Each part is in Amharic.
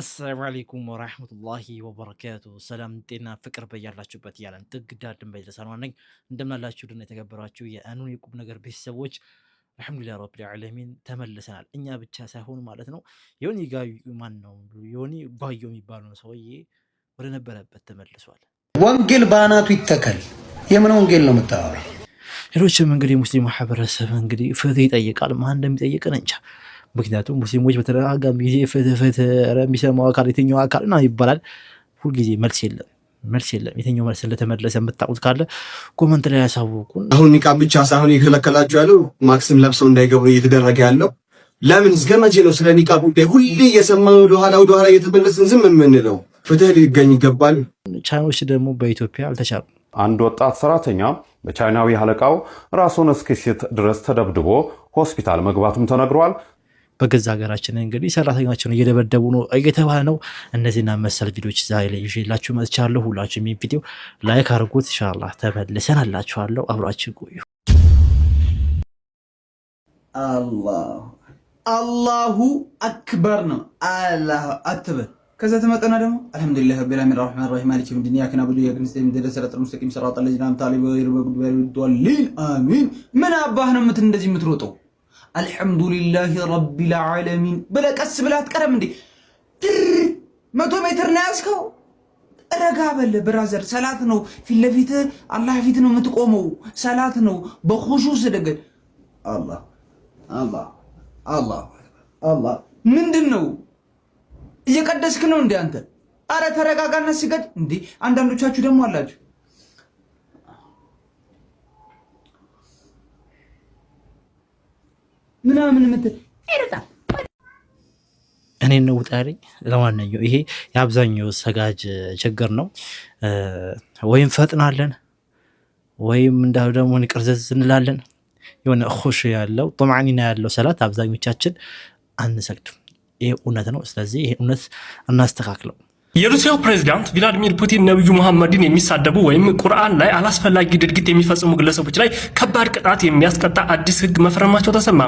አሰላሙ አለይኩም ወራህመቱላሂ ወበረካቱ። ሰላም ጤና ፍቅር በያላችሁበት ያለን ጥግ ዳር ድንበር የተሰማ ነኝ። እንደምናላችሁ ድና የተከበራችሁ የአኑን የቁም ነገር ቤተሰቦች አልሐምዱሊላህ ረብል ዓለሚን ተመልሰናል። እኛ ብቻ ሳይሆን ማለት ነው ዮኒ ጋዩ ማን ነው የሆኒ ጓዮ የሚባለው ሰውዬ ወደ ነበረበት ተመልሷል። ወንጌል በአናቱ ይተከል። የምን ወንጌል ነው የምታወራው? ሌሎችም እንግዲህ ሙስሊም ማህበረሰብ እንግዲህ ፍትህ ይጠይቃል። ማን እንደሚጠይቅን እንቻ ምክንያቱም ሙስሊሞች በተደጋጋሚ ጊዜ ፍትህ የሚሰማው አካል የትኛው አካል ና ይባላል። ሁልጊዜ መልስ የለም መልስ የለም። የትኛው መልስ እንደተመለሰ የምታውቁት ካለ ኮመንት ላይ ያሳውቁን። አሁን ኒቃብ ብቻ ሳይሆን የከለከላቸው ያለው ማክስም ለብሰው እንዳይገቡ እየተደረገ ያለው ለምን እስከ መቼ ነው ስለ ኒቃብ ጉዳይ ሁሌ እየሰማን ወደኋላ ወደኋላ እየተመለስን ዝም የምንለው? ፍትህ ሊገኝ ይገባል። ቻይኖች ደግሞ በኢትዮጵያ አልተቻሉም። አንድ ወጣት ሰራተኛ በቻይናዊ አለቃው ራሱን እስኪስት ድረስ ተደብድቦ ሆስፒታል መግባቱም ተነግሯል። በገዛ ሀገራችን እንግዲህ ሰራተኞችን እየደበደቡ ነው እየተባለ ነው። እነዚህና መሰል ቪዲዮች ዛሬ ላይ ይዤላችሁ መጥቻለሁ። ሁላችሁ የሚ ቪዲዮ ላይክ አድርጉት። ኢንሻላህ ተመልሰን አላችኋለሁ። አብራችሁ ቆዩ። አላሁ አክበር ነው። አላሁ አክበር ከዛ ተመጠና ደግሞ አልሐምዱሊላህ ረቢል ዓለሚን አርራህማን አርራሂም ማሊኪ የውሚዲን ኢያከ ነዕቡዱ ወኢያከ ነስተዒን ኢህዲና ሲራጠል ሙስተቂም ሲራጠል ለዚነ አንዐምተ ዐለይሂም ገይሪል መግዱቢ ዐለይሂም ወለድ አሚን። ምን አባህ ነው እንደዚህ የምትሮጠው? አልሐምዱሊላህ ረቢል ዓለሚን ብለህ ቀስ ብለህ አትቀረም እንዴ? መቶ ሜትር ነው ያዝከው። ረጋ በል ብራዘር፣ ሰላት ነው። ፊት ለፊት አላህ ፊት ነው የምትቆመው። ሰላት ነው። በኹሹ ስደገድ። አላህ አላህ አላህ አላህ። ምንድን ነው እየቀደስክ ነው እንዴ አንተ? አረ ተረጋጋና ስገድ እንዴ። አንዳንዶቻችሁ ደግሞ አላችሁ ምናምን ምትል ይርጣል እኔ ነው ውጣሪ። ለማንኛውም ይሄ የአብዛኛው ሰጋጅ ችግር ነው። ወይም ፈጥናለን ወይም እንዳ ደግሞ ቅርዘዝ እንላለን። የሆነ ኹሽ ያለው ጦማዕኒና ያለው ሰላት አብዛኞቻችን አንሰግድም። ይሄ እውነት ነው። ስለዚህ ይሄ እውነት እናስተካክለው። የሩሲያው ፕሬዝዳንት ቪላዲሚር ፑቲን ነቢዩ መሐመድን የሚሳደቡ ወይም ቁርአን ላይ አላስፈላጊ ድርጊት የሚፈጽሙ ግለሰቦች ላይ ከባድ ቅጣት የሚያስቀጣ አዲስ ህግ መፈረማቸው ተሰማ።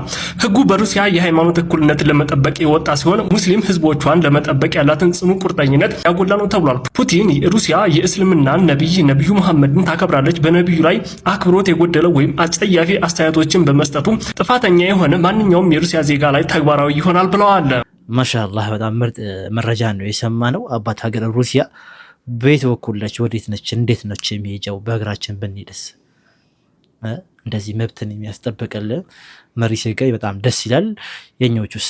ህጉ በሩሲያ የሃይማኖት እኩልነትን ለመጠበቅ የወጣ ሲሆን ሙስሊም ህዝቦቿን ለመጠበቅ ያላትን ጽኑ ቁርጠኝነት ያጎላ ነው ተብሏል። ፑቲን ሩሲያ የእስልምናን ነቢይ ነቢዩ መሐመድን ታከብራለች፣ በነቢዩ ላይ አክብሮት የጎደለው ወይም አጸያፊ አስተያየቶችን በመስጠቱ ጥፋተኛ የሆነ ማንኛውም የሩሲያ ዜጋ ላይ ተግባራዊ ይሆናል ብለዋል። ማሻላህ በጣም ምርጥ መረጃ ነው የሰማ ነው። አባት ሀገር ሩሲያ በየት በኩል ነች? ወዴት ነች? እንዴት ነች የሚሄጃው? በሀገራችን ብንሄደስ? እንደዚህ መብትን የሚያስጠብቅልን መሪ ሲገኝ በጣም ደስ ይላል። የኛዎቹስ?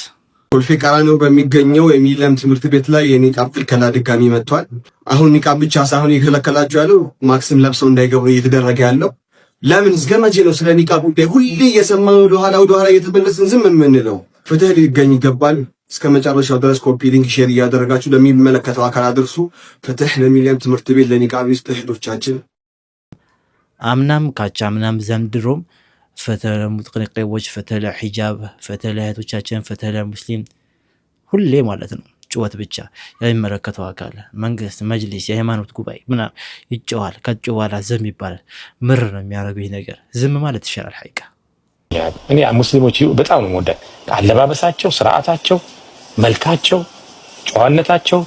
ኮልፌ ቀራኒዮ በሚገኘው የሚለም ትምህርት ቤት ላይ የኒቃብ ክልከላ ድጋሚ መጥቷል። አሁን ኒቃብ ብቻ ሳይሆን የከለከላቸው ያለው ማክስም ለብሰው እንዳይገቡ እየተደረገ ያለው ለምን? እስከ መቼ ነው ስለ ኒቃብ ጉዳይ ሁሌ እየሰማ ወደኋላ ወደኋላ እየተመለስን ዝም የምንለው? ፍትህ ሊገኝ ይገባል። እስከ መጨረሻው ድረስ ኮፒ ሊንክ ሼር እያደረጋችሁ ለሚመለከተው አካል አድርሱ። ፍትህ ለሚሊዮን ትምህርት ቤት ለኒቃቢ ውስጥ እህቶቻችን አምናም ካቻምናም ዘንድሮም ፈተ ለሙጥቅንቄዎች፣ ፈተ ለሒጃብ፣ ፈተ ለእህቶቻችን፣ ፈተ ለሙስሊም ሁሌ ማለት ነው ጭወት ብቻ የሚመለከተው አካል መንግስት፣ መጅሊስ፣ የሃይማኖት ጉባኤ ምናምን ይጨዋል። ከጭዋላ ዝም ይባላል። ምር ነው የሚያደርገው ይህ ነገር። ዝም ማለት ይሻላል። ሀይቃ እኔ ሙስሊሞች በጣም ነው ወደ አለባበሳቸው ስርዓታቸው መልካቸው፣ ጨዋነታቸው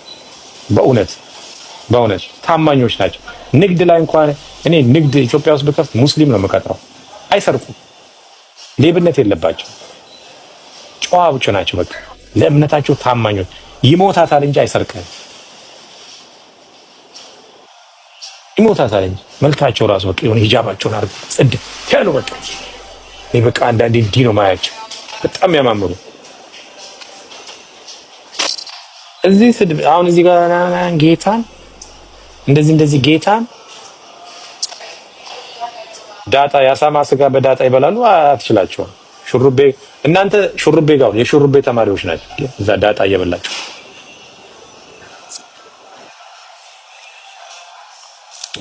በእውነት በእውነት ታማኞች ናቸው። ንግድ ላይ እንኳን እኔ ንግድ ኢትዮጵያ ውስጥ ብከፍት ሙስሊም ነው የምቀጥረው። አይሰርቁም፣ ሌብነት የለባቸው፣ ጨዋዎች ናቸው። በቃ ለእምነታቸው ታማኞች። ይሞታታል እንጂ አይሰርቅም፣ ይሞታታል እንጂ መልካቸው ራሱ በቃ የሆነ ሂጃባቸውን አድርገው ጽድ ያሉ በቃ በቃ አንዳንዴ እንዲህ ነው ማያቸው በጣም ያማምሩ እዚህ ስድብ አሁን እዚህ ጋር ጌታን እንደዚህ እንደዚህ ጌታን ዳጣ የአሳማ ስጋ በዳጣ ይበላሉ። አትችላቸውም። ሹሩቤ እናንተ ሹሩቤ ጋር የሹሩቤ ተማሪዎች ናቸው። እዛ ዳጣ እየበላቸው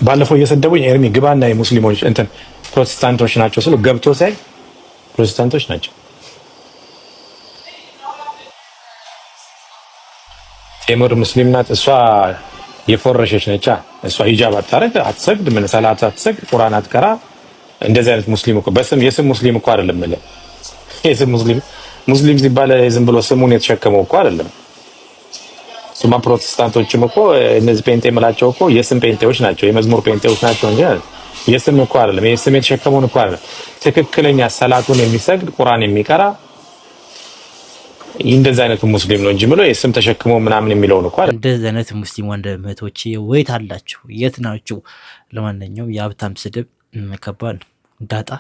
ባለፈው እየሰደቡኝ ኤርሚ ግባና የሙስሊሞች እንትን ፕሮቴስታንቶች ናቸው ስለ ገብቶ ሳይ ፕሮቴስታንቶች ናቸው ቴምር ሙስሊም ናት እሷ የፎረሸች ነቻ። እሷ ሂጃብ አታረግ፣ አትሰግድ፣ ምን ሰላት አትሰግድ፣ ቁርአን አትቀራ። እንደዚህ አይነት ሙስሊም እኮ በስም የስም ሙስሊም እኮ አይደለም። የስም ሙስሊም ሙስሊም ሲባል ዝም ብሎ ስሙን የተሸከመው እኮ አይደለም። ሱማ ፕሮቴስታንቶችም እኮ እነዚህ ጴንጤ የምላቸው እኮ የስም ጴንጤዎች ናቸው፣ የመዝሙር ጴንጤዎች ናቸው እንጂ የስም እኮ አይደለም። የስም የተሸከመውን እኮ አይደለም። ትክክለኛ ሰላቱን የሚሰግድ ቁርአን የሚቀራ እንደዚህ አይነቱ ሙስሊም ነው እንጂ ብሎ የስም ተሸክሞ ምናምን የሚለውን እኳ እንደዚህ አይነት ሙስሊም ወንድም እህቶቼ ወይት አላችሁ? የት ናችሁ? ለማንኛውም የሀብታም ስድብ ከባድ ዳጣ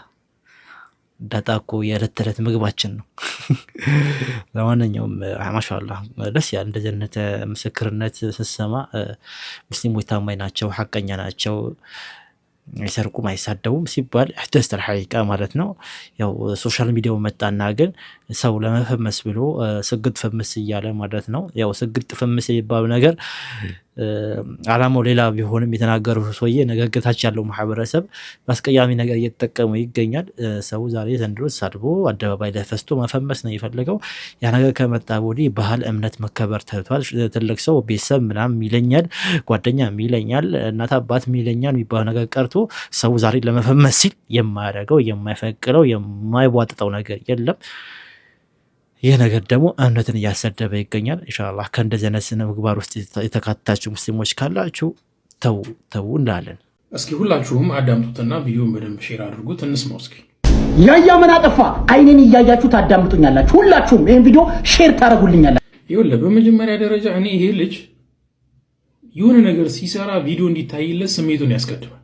ዳጣ እኮ የዕለት ተዕለት ምግባችን ነው። ለማንኛውም ማሻላ ደስ ያለ እንደዚህ አይነት ምስክርነት ስሰማ ሙስሊሞች ታማኝ ናቸው፣ ሀቀኛ ናቸው። አይሰርቁም አይሳደቡም ሲባል ደስተር ሐቂቃ ማለት ነው። ያው ሶሻል ሚዲያው መጣና ግን ሰው ለመፈመስ ብሎ ስግጥ ፈምስ እያለ ማለት ነው። ያው ስግጥ ፈምስ የሚባሉ ነገር አላማው ሌላ ቢሆንም የተናገሩ ሰውዬ ነገግታች ያለው ማህበረሰብ በአስቀያሚ ነገር እየተጠቀሙ ይገኛል። ሰው ዛሬ ዘንድሮ ሳድቦ አደባባይ ላይ ፈስቶ መፈመስ ነው የፈለገው። ያ ነገር ከመጣ ወዲህ ባህል፣ እምነት መከበር ተብቷል። ትልቅ ሰው ቤተሰብ ምናምን ይለኛል፣ ጓደኛ ይለኛል፣ እናት አባት ይለኛል የሚባለው ነገር ቀርቶ ሰው ዛሬ ለመፈመስ ሲል የማያደርገው የማይፈቅለው የማይቧጥጠው ነገር የለም። ይህ ነገር ደግሞ እምነትን እያሰደበ ይገኛል። ኢንሻላህ ከእንደዚህ አይነት ስነ ምግባር ውስጥ የተካተታችሁ ሙስሊሞች ካላችሁ ተው ተው እንላለን። እስኪ ሁላችሁም አዳምጡትና ቪዲዮን በደንብ ሼር አድርጉት፣ እንስማው እስኪ። ያያ ምን አጠፋ? አይኔን እያያችሁ ታዳምጡኛላችሁ። ሁላችሁም ይህን ቪዲዮ ሼር ታደርጉልኛላችሁ። ይኸውልህ በመጀመሪያ ደረጃ እኔ ይሄ ልጅ የሆነ ነገር ሲሰራ ቪዲዮ እንዲታይለት ስሜቱን ያስቀድማል።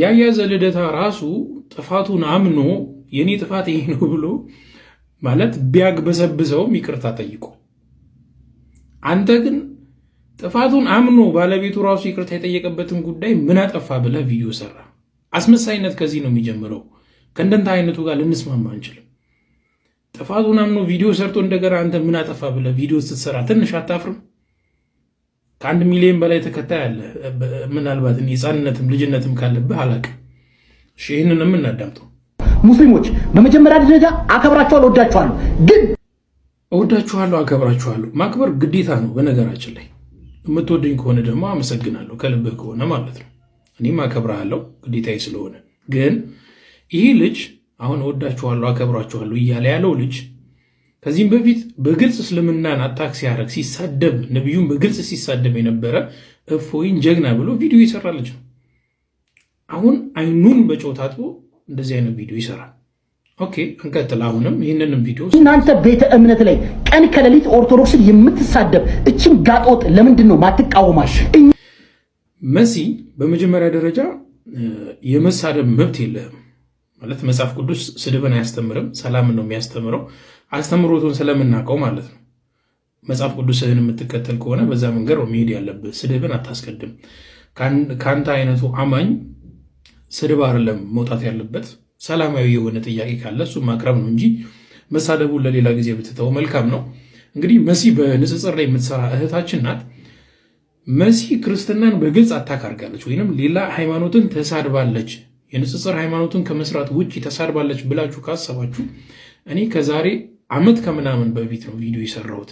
ያያ ዘልደታ ራሱ ጥፋቱን አምኖ የእኔ ጥፋት ይሄ ነው ብሎ ማለት ቢያግበሰብሰውም ይቅርታ ጠይቆ፣ አንተ ግን ጥፋቱን አምኖ ባለቤቱ ራሱ ይቅርታ የጠየቀበትን ጉዳይ ምን አጠፋ ብለህ ቪዲዮ ሰራ። አስመሳይነት ከዚህ ነው የሚጀምረው። ከእንደንተ አይነቱ ጋር ልንስማማ አንችልም። ጥፋቱን አምኖ ቪዲዮ ሰርቶ እንደገና አንተ ምን አጠፋ ብለህ ቪዲዮ ስትሰራ ትንሽ አታፍርም? ከአንድ ሚሊዮን በላይ ተከታይ አለ። ምናልባት ሕፃንነትም ልጅነትም ካለብህ አላቅም። ይህንን የምናዳምጠው ሙስሊሞች በመጀመሪያ ደረጃ አከብራችኋለሁ፣ እወዳችኋለሁ። ግን እወዳችኋለሁ፣ አከብራችኋለሁ ማክበር ግዴታ ነው። በነገራችን ላይ የምትወደኝ ከሆነ ደግሞ አመሰግናለሁ፣ ከልብህ ከሆነ ማለት ነው። እኔም አከብርሃለሁ ግዴታዬ ስለሆነ። ግን ይህ ልጅ አሁን እወዳችኋለሁ፣ አከብራችኋለሁ እያለ ያለው ልጅ ከዚህም በፊት በግልጽ እስልምናን አታክ ሲያደርግ ሲሳደብ፣ ነቢዩን በግልጽ ሲሳደብ የነበረ እፎይን ጀግና ብሎ ቪዲዮ የሰራ ልጅ ነው። አሁን አይኑን በጨው ታጥቦ እንደዚህ አይነት ቪዲዮ ይሰራል። ኦኬ እንቀጥል። አሁንም ይህንንም ቪዲዮ እናንተ ቤተ እምነት ላይ ቀን ከሌሊት ኦርቶዶክስን የምትሳደብ እችን ጋጦጥ ለምንድን ነው ማትቃወማሽ? መሲ በመጀመሪያ ደረጃ የመሳደብ መብት የለህም ማለት መጽሐፍ ቅዱስ ስድብን አያስተምርም፣ ሰላምን ነው የሚያስተምረው። አስተምሮቱን ስለምናውቀው ማለት ነው። መጽሐፍ ቅዱስህን የምትከተል ከሆነ በዛ መንገድ መሄድ ያለብህ፣ ስድብን አታስቀድም። ከአንተ አይነቱ አማኝ ስድብ አይደለም መውጣት ያለበት። ሰላማዊ የሆነ ጥያቄ ካለ እሱ ማቅረብ ነው እንጂ መሳደቡን ለሌላ ጊዜ ብትተው መልካም ነው። እንግዲህ መሲ በንጽጽር ላይ የምትሰራ እህታችን ናት። መሲ ክርስትናን በግልጽ አታካርጋለች ወይም ሌላ ሃይማኖትን ተሳድባለች። የንጽጽር ሃይማኖትን ከመስራት ውጭ ተሳድባለች ብላችሁ ካሰባችሁ እኔ ከዛሬ ዓመት ከምናምን በፊት ነው ቪዲዮ የሰራሁት።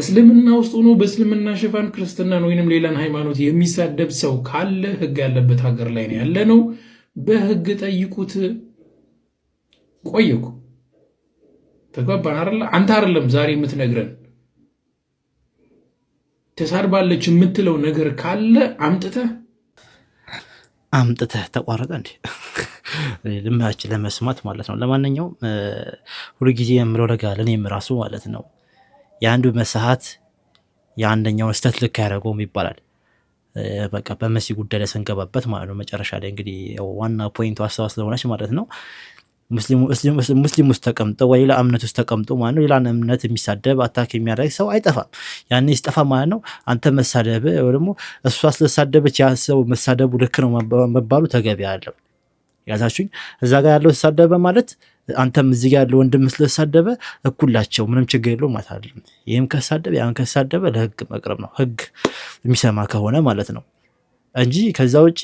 እስልምና ውስጥ ሆኖ በእስልምና ሽፋን ክርስትናን ወይንም ሌላን ሃይማኖት የሚሳደብ ሰው ካለ ህግ ያለበት ሀገር ላይ ነው ያለ ነው። በህግ ጠይቁት። ቆየኩ ተግባባን አይደለ? አንተ አይደለም ዛሬ የምትነግረን ተሳድባለች የምትለው ነገር ካለ አምጥተህ አምጥተህ ተቋረጠ እንዲ ልምችን ለመስማት ማለት ነው። ለማንኛውም ሁሉ ጊዜ የምለው ለጋለን የምራሱ ማለት ነው የአንዱ መሰሀት የአንደኛውን ስተት ልክ ያደረገውም ይባላል። በቃ በመሲ ጉዳይ ላይ ስንገባበት ማለት ነው። መጨረሻ ላይ እንግዲህ ዋና ፖይንቱ ሀሳብ ስለሆነች ማለት ነው ሙስሊም ውስጥ ተቀምጦ ወይ ሌላ እምነት ውስጥ ተቀምጦ ማለት ነው ሌላን እምነት የሚሳደብ አታክ የሚያደርግ ሰው አይጠፋም። ያኔ ሲጠፋ ማለት ነው አንተ መሳደብ ወይ ደግሞ እሷ ስለሳደበች ያ ሰው መሳደቡ ልክ ነው መባሉ ተገቢ አለው። ያዛችሁኝ እዛ ጋር ያለው ተሳደበ ማለት አንተም እዚህ ጋር ያለው ወንድም ስለተሳደበ እኩላቸው ምንም ችግር የለው ማለት አይደለም። ይህም ከሳደበ ያን ከሳደበ ለህግ መቅረብ ነው፣ ህግ የሚሰማ ከሆነ ማለት ነው እንጂ ከዛ ውጪ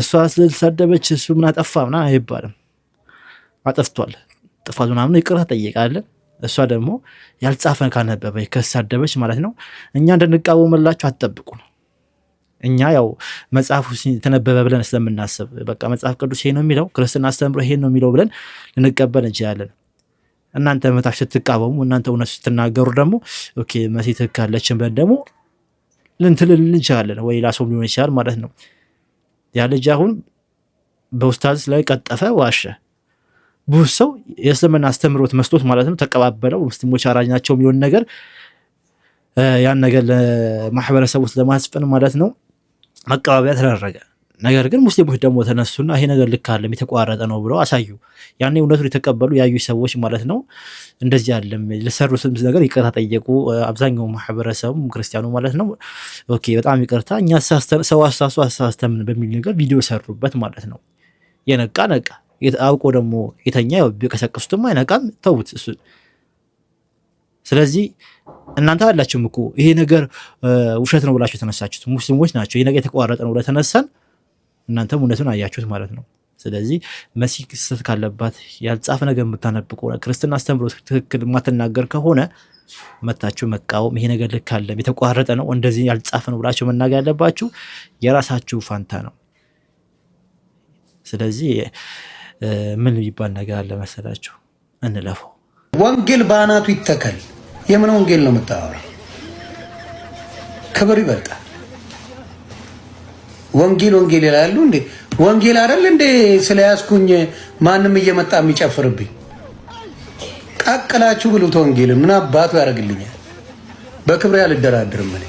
እሷ ስለተሳደበች እሱ ምን አጠፋ ምናምን አይባልም። አጠፍቷል፣ ጥፋቱ ምናምን ይቅርታ ጠይቃለ። እሷ ደግሞ ያልጻፈን ካነበበ ከሳደበች ማለት ነው እኛ እንድንቃወምላችሁ አትጠብቁ ነው እኛ ያው መጽሐፉ የተነበበ ብለን ስለምናስብ በቃ መጽሐፍ ቅዱስ ይሄ ነው የሚለው ክርስትና አስተምሮ ይሄ ነው የሚለው ብለን ልንቀበል እንችላለን። እናንተ መታች ስትቃወሙ፣ እናንተ እውነት ስትናገሩ ደግሞ ኦኬ መሲ ትክክል ብለን ደግሞ ልንትልል እንችላለን ወይ ሌላ ሰው ሊሆን ይችላል ማለት ነው። ያ ልጅ አሁን በውስታዝ ላይ ቀጠፈ፣ ዋሸ። ብዙ ሰው የእስልምና አስተምሮት መስሎት ማለት ነው ተቀባበለው፣ ሙስሊሞች አራጅ ናቸው የሚሆን ነገር ያን ነገር ለማህበረሰቡ ለማስፈን ማለት ነው መቀባበያ ተደረገ። ነገር ግን ሙስሊሞች ደግሞ ተነሱና ይሄ ነገር ልክ አለም የተቋረጠ ነው ብለው አሳዩ። ያኔ እውነቱን የተቀበሉ ያዩ ሰዎች ማለት ነው። እንደዚህ አለም ለሰሩትም ነገር ይቅርታ ጠየቁ። አብዛኛው ማህበረሰቡ ክርስቲያኑ ማለት ነው ኦኬ፣ በጣም ይቅርታ እኛ ሰው አሳሱ አሳስተምን በሚል ነገር ቪዲዮ ሰሩበት ማለት ነው። የነቃ ነቃ፣ አውቆ ደግሞ የተኛ ቀሰቀሱትም አይነቃም፣ ተውት እሱን ስለዚህ እናንተ አላችሁም እኮ ይሄ ነገር ውሸት ነው ብላችሁ የተነሳችሁት ሙስሊሞች ናቸው። ይሄ ነገር የተቋረጠ ነው ለተነሳን እናንተም እውነቱን አያችሁት ማለት ነው። ስለዚህ መሲህ ስህተት ካለባት ያልጻፈ ነገር የምታነብ ከሆነ ክርስትና አስተምሮ ትክክል የማትናገር ከሆነ መታችሁ መቃወም ይሄ ነገር ልክ አለም የተቋረጠ ነው እንደዚህ ያልጻፈ ነው ብላችሁ መናገር ያለባችሁ የራሳችሁ ፋንታ ነው። ስለዚህ ምን የሚባል ነገር አለ መሰላችሁ? እንለፈው። ወንጌል በአናቱ ይተከል። የምን ወንጌል ነው የምታወራው? ክብር ይበልጣል። ወንጌል ወንጌል ይላሉ እንዴ? ወንጌል አይደል እንዴ? ስለያዝኩኝ ማንም እየመጣ የሚጨፍርብኝ ቀቅላችሁ ብሉት። ወንጌልን ምን አባቱ ያደርግልኛል? በክብር አልደራድርም እኔ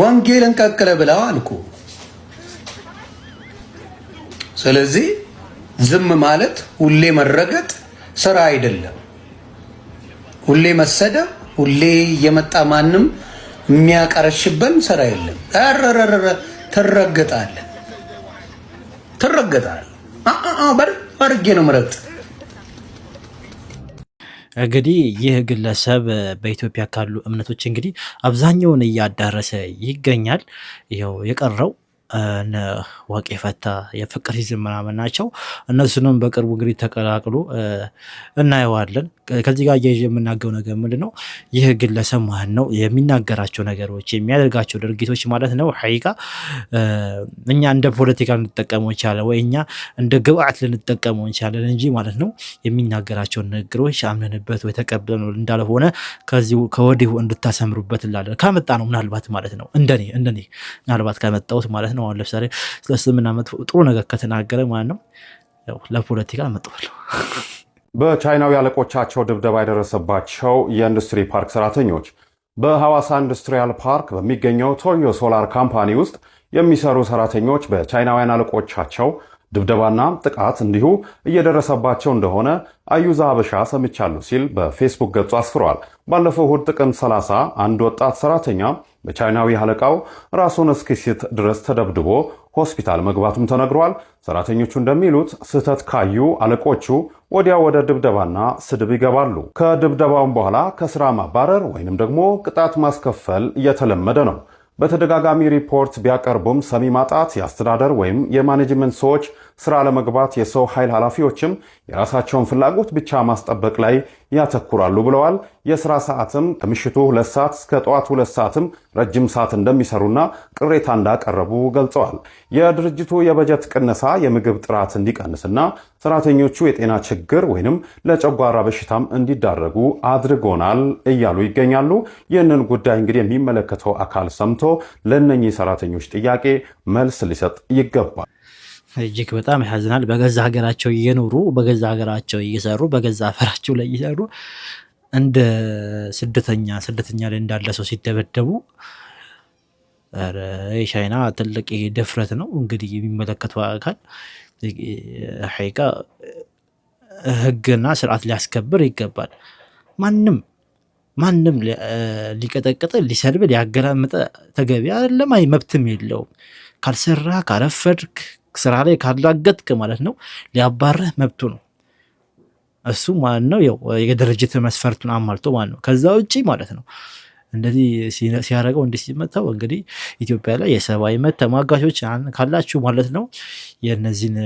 ወንጌልን ቀቅለ ብለው አልኩ። ስለዚህ ዝም ማለት ሁሌ መረገጥ ስራ አይደለም። ሁሌ መሰደብ፣ ሁሌ የመጣ ማንም የሚያቀረሽበን ስራ የለም። ረረረረ ትረገጣለህ፣ ትረገጣለህ። በርጌ ነው ምረጥ። እንግዲህ ይህ ግለሰብ በኢትዮጵያ ካሉ እምነቶች እንግዲህ አብዛኛውን እያዳረሰ ይገኛል። ይኸው የቀረው ዋቄ ፈታ የፍቅር ሲዝም ምናምን ናቸው። እነሱንም በቅርቡ እንግዲህ ተቀላቅሎ እናየዋለን። ከዚህ ጋር እያይዤ የምናገው ነገር ምንድን ነው? ይህ ግለሰብ ማለት ነው የሚናገራቸው ነገሮች የሚያደርጋቸው ድርጊቶች ማለት ነው ሐቂቃ እኛ እንደ ፖለቲካ ልንጠቀመው እንችላለን ወይ እኛ እንደ ግብአት ልንጠቀመው እንችላለን እንጂ ማለት ነው የሚናገራቸውን ነገሮች አምነንበት ወይ ተቀብለነው እንዳልሆነ ከዚሁ ከወዲሁ እንድታሰምሩበት እላለን። ከመጣ ነው ምናልባት ማለት ነው እንደኔ እንደኔ ምናልባት ከመጣሁት ማለት ነው አሁን ለምሳሌ ስለ እስልምና መጥፎ ጥሩ ነገር ከተናገረ ማለት ነው ለፖለቲካ መጥፎ ነው። በቻይናዊ አለቆቻቸው ድብደባ የደረሰባቸው የኢንዱስትሪ ፓርክ ሰራተኞች በሐዋሳ ኢንዱስትሪያል ፓርክ በሚገኘው ቶዮ ሶላር ካምፓኒ ውስጥ የሚሰሩ ሰራተኞች በቻይናውያን አለቆቻቸው ድብደባና ጥቃት እንዲሁ እየደረሰባቸው እንደሆነ አዩዛ ሀበሻ ሰምቻለሁ ሲል በፌስቡክ ገጹ አስፍሯል። ባለፈው እሁድ ጥቅምት 30 አንድ ወጣት ሰራተኛ በቻይናዊ አለቃው ራሱን እስኪስት ድረስ ተደብድቦ ሆስፒታል መግባቱም ተነግሯል። ሰራተኞቹ እንደሚሉት ስህተት ካዩ አለቆቹ ወዲያ ወደ ድብደባና ስድብ ይገባሉ። ከድብደባውም በኋላ ከስራ ማባረር ወይንም ደግሞ ቅጣት ማስከፈል እየተለመደ ነው። በተደጋጋሚ ሪፖርት ቢያቀርቡም ሰሚ ማጣት የአስተዳደር ወይም የማኔጅመንት ሰዎች ስራ ለመግባት የሰው ኃይል ኃላፊዎችም የራሳቸውን ፍላጎት ብቻ ማስጠበቅ ላይ ያተኩራሉ ብለዋል። የስራ ሰዓትም ከምሽቱ ሁለት ሰዓት እስከ ጠዋት ሁለት ሰዓትም ረጅም ሰዓት እንደሚሰሩና ቅሬታ እንዳቀረቡ ገልጸዋል። የድርጅቱ የበጀት ቅነሳ የምግብ ጥራት እንዲቀንስና ሰራተኞቹ የጤና ችግር ወይንም ለጨጓራ በሽታም እንዲዳረጉ አድርጎናል እያሉ ይገኛሉ። ይህንን ጉዳይ እንግዲህ የሚመለከተው አካል ሰምቶ ለእነኚህ ሰራተኞች ጥያቄ መልስ ሊሰጥ ይገባል። እጅግ በጣም ያዝናል በገዛ ሀገራቸው እየኖሩ በገዛ ሀገራቸው እየሰሩ በገዛ አፈራቸው ላይ እየሰሩ እንደ ስደተኛ ስደተኛ ላይ እንዳለ ሰው ሲደበደቡ ቻይና ትልቅ ድፍረት ነው። እንግዲህ የሚመለከተው አካል ሐቂቃ ህግና ስርዓት ሊያስከብር ይገባል። ማንም ማንም ሊቀጠቅጥ ሊሰድብ ሊያገላምጥ ተገቢ አይደለም። መብትም የለውም። ካልሰራ፣ ካረፈድክ፣ ስራ ላይ ካላገጥክ ማለት ነው ሊያባረህ መብቱ ነው። እሱ ማለት ነው ያው የድርጅት መስፈርቱን አሟልቶ ማለት ነው። ከዛ ውጭ ማለት ነው እንደዚህ ሲያደርገው እንዲህ ሲመታው እንግዲህ ኢትዮጵያ ላይ የሰብአዊ መብት ተሟጋቾች ካላችሁ ማለት ነው የእነዚህን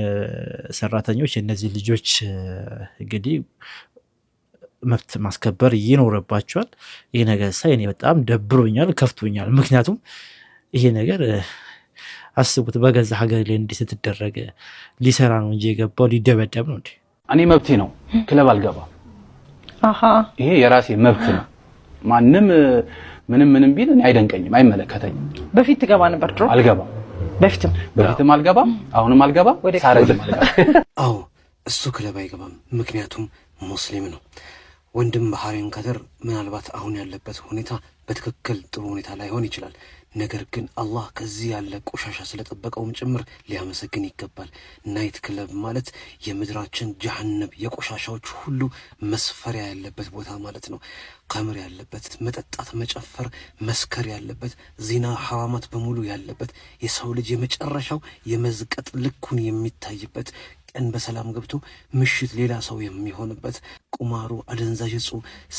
ሰራተኞች የነዚህ ልጆች እንግዲህ መብት ማስከበር ይኖርባቸዋል። ይህ ነገር ሳይ እኔ በጣም ደብሮኛል፣ ከፍቶኛል። ምክንያቱም ይሄ ነገር አስቡት፣ በገዛ ሀገር ላይ እንዴት ስትደረገ ሊሰራ ነው እንጂ የገባው ሊደበደብ ነው እንዴ? እኔ መብቴ ነው ክለብ አልገባም። ይሄ የራሴ መብት ነው። ማንም ምንም ምንም ቢል እኔ አይደንቀኝም፣ አይመለከተኝም። በፊት ትገባ ነበር? ድሮ አልገባም። በፊትም በፊትም አልገባም፣ አሁንም አልገባም፣ ሳረግም አልገባም። አዎ እሱ ክለብ አይገባም፣ ምክንያቱም ሙስሊም ነው። ወንድም ባህሬን ከድር ምናልባት አሁን ያለበት ሁኔታ በትክክል ጥሩ ሁኔታ ላይሆን ይችላል። ነገር ግን አላህ ከዚህ ያለ ቆሻሻ ስለጠበቀውም ጭምር ሊያመሰግን ይገባል። ናይት ክለብ ማለት የምድራችን ጀሀነም የቆሻሻዎች ሁሉ መስፈሪያ ያለበት ቦታ ማለት ነው። ከምር ያለበት፣ መጠጣት፣ መጨፈር፣ መስከር ያለበት፣ ዜና፣ ሀራማት በሙሉ ያለበት፣ የሰው ልጅ የመጨረሻው የመዝቀጥ ልኩን የሚታይበት ቀን በሰላም ገብቶ ምሽት ሌላ ሰው የሚሆንበት ቁማሩ፣ አደንዛዥ እጹ፣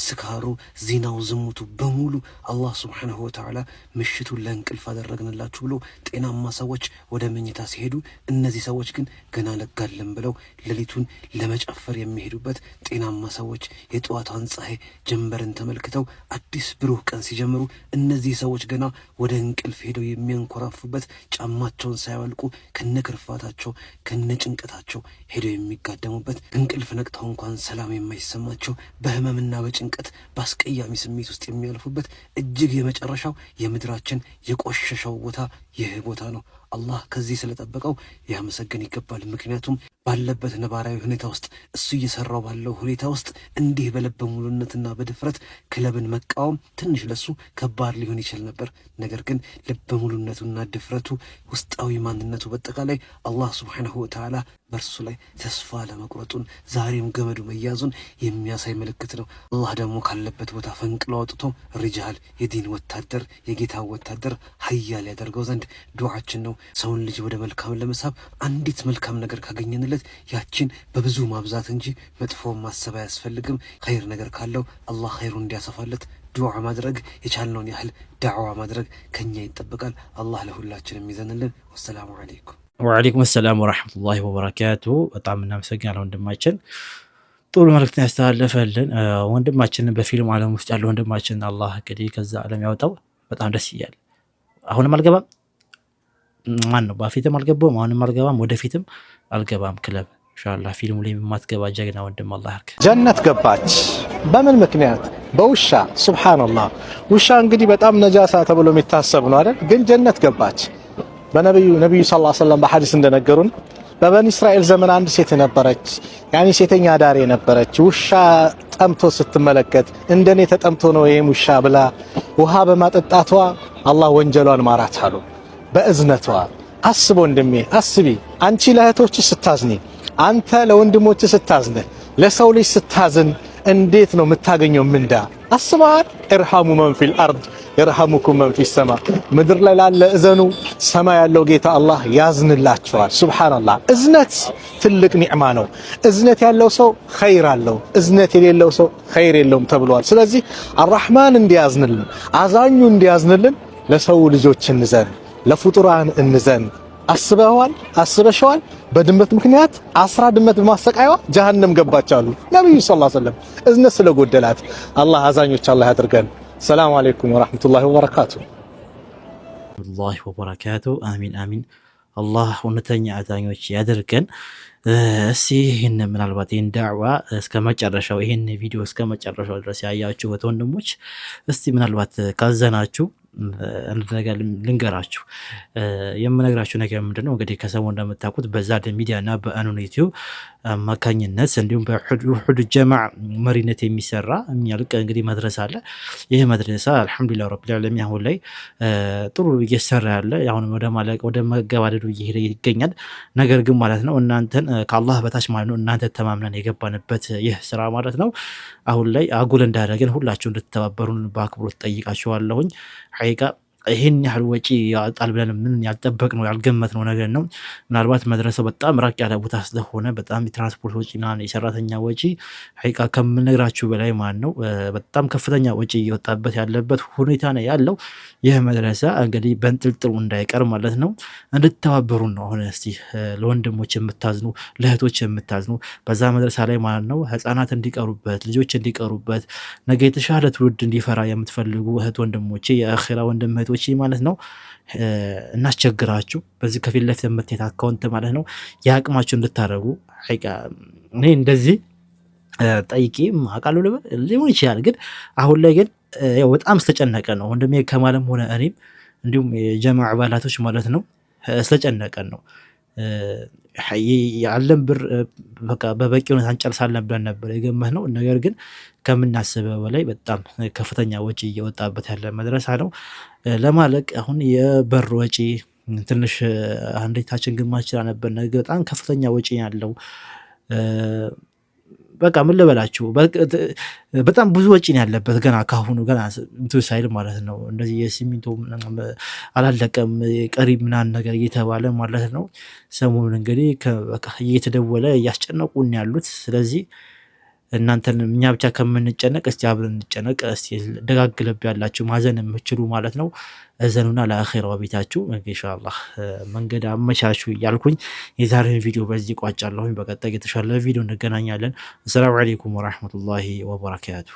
ስካሩ፣ ዜናው፣ ዝሙቱ በሙሉ አላህ ስብሓንሁ ወተዓላ ምሽቱን ለእንቅልፍ አደረግንላችሁ ብሎ ጤናማ ሰዎች ወደ መኝታ ሲሄዱ፣ እነዚህ ሰዎች ግን ገና ነጋለን ብለው ሌሊቱን ለመጨፈር የሚሄዱበት ጤናማ ሰዎች የጠዋቷን ፀሐይ ጀንበርን ተመልክተው አዲስ ብሩህ ቀን ሲጀምሩ፣ እነዚህ ሰዎች ገና ወደ እንቅልፍ ሄደው የሚያንኮራፉበት ጫማቸውን ሳያወልቁ ከነክርፋታቸው ከነጭንቀታቸው ሄደው የሚጋደሙበት እንቅልፍ ነቅተው እንኳን ሰላም የማይ የሚሰማቸው በህመምና በጭንቀት በአስቀያሚ ስሜት ውስጥ የሚያልፉበት እጅግ የመጨረሻው የምድራችን የቆሸሸው ቦታ ይህ ቦታ ነው። አላህ ከዚህ ስለጠበቀው ያመሰገን ይገባል። ምክንያቱም ባለበት ነባራዊ ሁኔታ ውስጥ እሱ እየሰራው ባለው ሁኔታ ውስጥ እንዲህ በልበ ሙሉነትና በድፍረት ክለብን መቃወም ትንሽ ለሱ ከባድ ሊሆን ይችል ነበር። ነገር ግን ልበ ሙሉነቱና ድፍረቱ፣ ውስጣዊ ማንነቱ በአጠቃላይ አላህ ሱብሓነሁ ወተዓላ በእርሱ ላይ ተስፋ ለመቁረጡን ዛሬም ገመዱ መያዙን የሚያሳይ ምልክት ነው። አላህ ደግሞ ካለበት ቦታ ፈንቅሎ አውጥቶ ሪጃል የዲን ወታደር የጌታ ወታደር ሀያል ያደርገው ዘንድ ዱዓችን ነው። ሰውን ልጅ ወደ መልካም ለመሳብ አንዲት መልካም ነገር ካገኘንለት ያችን በብዙ ማብዛት እንጂ መጥፎ ማሰብ አያስፈልግም። ኸይር ነገር ካለው አላህ ኸይሩን እንዲያሰፋለት ዱዓ ማድረግ የቻልነውን ያህል ዳዕዋ ማድረግ ከኛ ይጠበቃል። አላህ ለሁላችን የሚዘንልን። ወሰላሙ አለይኩም ወአለይኩም ሰላም ወረሕመቱላሂ ወበረካቱ። በጣም እናመሰግናለን ወንድማችን ጥሩ መልክት ያስተላለፈልን ወንድማችን በፊልም ዓለም ውስጥ ያለ ወንድማችን አላህ እንግዲህ ከዛ ዓለም ያወጣው። በጣም ደስ እያለ አሁንም አልገባም ማን ነው በፊትም አልገባም አሁንም አልገባም ወደፊትም አልገባም ክለብ ሻላ ፊልሙ ላይ የማትገባ ጀግና ወንድም አላህ ያርክ። ጀነት ገባች በምን ምክንያት? በውሻ ሱብሓነላህ። ውሻ እንግዲህ በጣም ነጃሳ ተብሎ የሚታሰብ ነው አይደል? ግን ጀነት ገባች። በነቢዩ ነቢዩ ሰለላሁ ሰለም ወሰለም በሐዲስ እንደነገሩን በበኒ እስራኤል ዘመን አንድ ሴት ነበረች፣ ያኒ ሴተኛ ዳር ነበረች። ውሻ ጠምቶ ስትመለከት እንደኔ ተጠምቶ ነው ይህም ውሻ ብላ ውሃ በማጠጣቷ አላህ ወንጀሏን ማራት አሉ። በእዝነቷ አስብ ወንድሜ አስቢ። አንቺ ለእህቶች ስታዝኒ፣ አንተ ለወንድሞች ስታዝን ለሰው ልጅ ስታዝን እንዴት ነው የምታገኘው ምንዳ? አስበሃል? እርሃሙ መንፊል አርድ የርሃሙኩም መንፊ ሰማ። ምድር ላይ ላለ እዘኑ፣ ሰማይ ያለው ጌታ አላህ ያዝንላቸዋል። ሱብሓነላህ። እዝነት ትልቅ ኒዕማ ነው። እዝነት ያለው ሰው ኸይር አለው፣ እዝነት የሌለው ሰው ኸይር የለውም ተብሏል። ስለዚህ አራሕማን እንዲያዝንልን፣ አዛኙ እንዲያዝንልን ለሰው ልጆች እንዘን። ለፍጡራን እንዘን አስበዋል አስበሸዋል። በድመት ምክንያት አስራ ድመት በማሰቃይዋ ጀሀነም ገባች አሉ ነብዩ ሰለላሁ ዐለይሂ ወሰለም። እዝነት ስለጎደላት አላህ አዛኞች አላህ ያድርገን። ሰላም አለይኩም ወራህመቱላሂ ወበረካቱ። ወላሂ ወበረካቱ። አሚን አሚን። አላህ እውነተኛ አዛኞች ያድርገን። እስቲ ይህን ምናልባት ይህን ዳዕዋ እስከ መጨረሻው ይህን ቪዲዮ እስከ መጨረሻው ድረስ ያያችሁ ወንድሞች እስቲ ምናልባት ካዘናችሁ ነገር ልንገራችሁ። የምነግራችሁ ነገር ምንድነው እንግዲህ ከሰሞኑ እንደምታውቁት በዛድ ሚዲያ እና በአኑን ዩቲዩብ አማካኝነት እንዲሁም በውሑድ ጀማዕ መሪነት የሚሰራ የሚያልቅ እንግዲህ መድረሳ አለ። ይህ መድረሳ አልሐምዱሊላህ ረቢል ዓለሚን አሁን ላይ ጥሩ እየሰራ ያለ አሁን ወደ ማለቅ ወደ መገባደዱ እየሄደ ይገኛል። ነገር ግን ማለት ነው እናንተን ከአላህ በታች ማለት ነው እናንተ ተማምነን የገባንበት ይህ ስራ ማለት ነው አሁን ላይ አጉል እንዳያደርገን ሁላችሁ እንድትተባበሩን በአክብሮት ጠይቃችኋለሁኝ ሐቂቃ ይሄን ያህል ወጪ ያወጣል ብለን ምን ያልጠበቅ ነው ያልገመት ነው ነገር ነው። ምናልባት መድረሰው በጣም ራቅ ያለ ቦታ ስለሆነ በጣም የትራንስፖርት ወጪ ወጪና የሰራተኛ ወጪ ሀቂቃ ከምነግራችሁ በላይ ማን ነው በጣም ከፍተኛ ወጪ እየወጣበት ያለበት ሁኔታ ነው ያለው። ይህ መድረሰ እንግዲህ በንጥልጥሉ እንዳይቀር ማለት ነው እንድተባበሩ ነው። አሁን እስቲ ለወንድሞች የምታዝኑ ለእህቶች የምታዝኑ በዛ መድረሳ ላይ ማለት ነው ህፃናት እንዲቀሩበት ልጆች እንዲቀሩበት ነገ የተሻለ ትውልድ እንዲፈራ የምትፈልጉ እህት ወንድሞቼ የአኼራ ወንድም እህቶች ሴቶች ማለት ነው እናስቸግራችሁ በዚህ ከፊት ለፊት የምትሄድ አካውንት ማለት ነው የአቅማችሁ እንድታደረጉ እኔ እንደዚህ ጠይቄ አቃሉ ልበል ሊሆን ይችላል። ግን አሁን ላይ ግን በጣም ስተጨነቀ ነው ወንድሜ ከማለም ሆነ እኔም እንዲሁም የጀማ አባላቶች ማለት ነው ስለጨነቀን ነው ያለን ብር በበቂ ሁኔታ እንጨርሳለን ብለን ነበር የገመትነው። ነገር ግን ከምናስበው በላይ በጣም ከፍተኛ ወጪ እየወጣበት ያለ መድረሳ ነው። ለማለቅ አሁን የበር ወጪ ትንሽ አንዴታችን ግማሽ ችላ ነበር። ነገ በጣም ከፍተኛ ወጪ ያለው በቃ ምን ልበላችሁ በጣም ብዙ ወጪ ነው ያለበት። ገና ካሁኑ ገና እንትን ሳይል ማለት ነው እንደዚህ የሲሚንቶ አላለቀም ቀሪ ምናምን ነገር እየተባለ ማለት ነው። ሰሞኑን እንግዲህ እየተደወለ እያስጨነቁን ያሉት ስለዚህ እናንተን እኛ ብቻ ከምንጨነቅ እስቲ አብረን እንጨነቅ። እስቲ ደጋግ ልብ ያላችሁ ማዘን የምችሉ ማለት ነው እዘኑና ለአኼራ ቤታችሁ ኢንሻአላህ መንገድ አመቻቹ እያልኩኝ የዛሬን ቪዲዮ በዚህ ቋጫለሁኝ። በቀጣይ የተሻለ ቪዲዮ እንገናኛለን። አሰላሙ አሌይኩም ወራህመቱላሂ ወበረካቱ።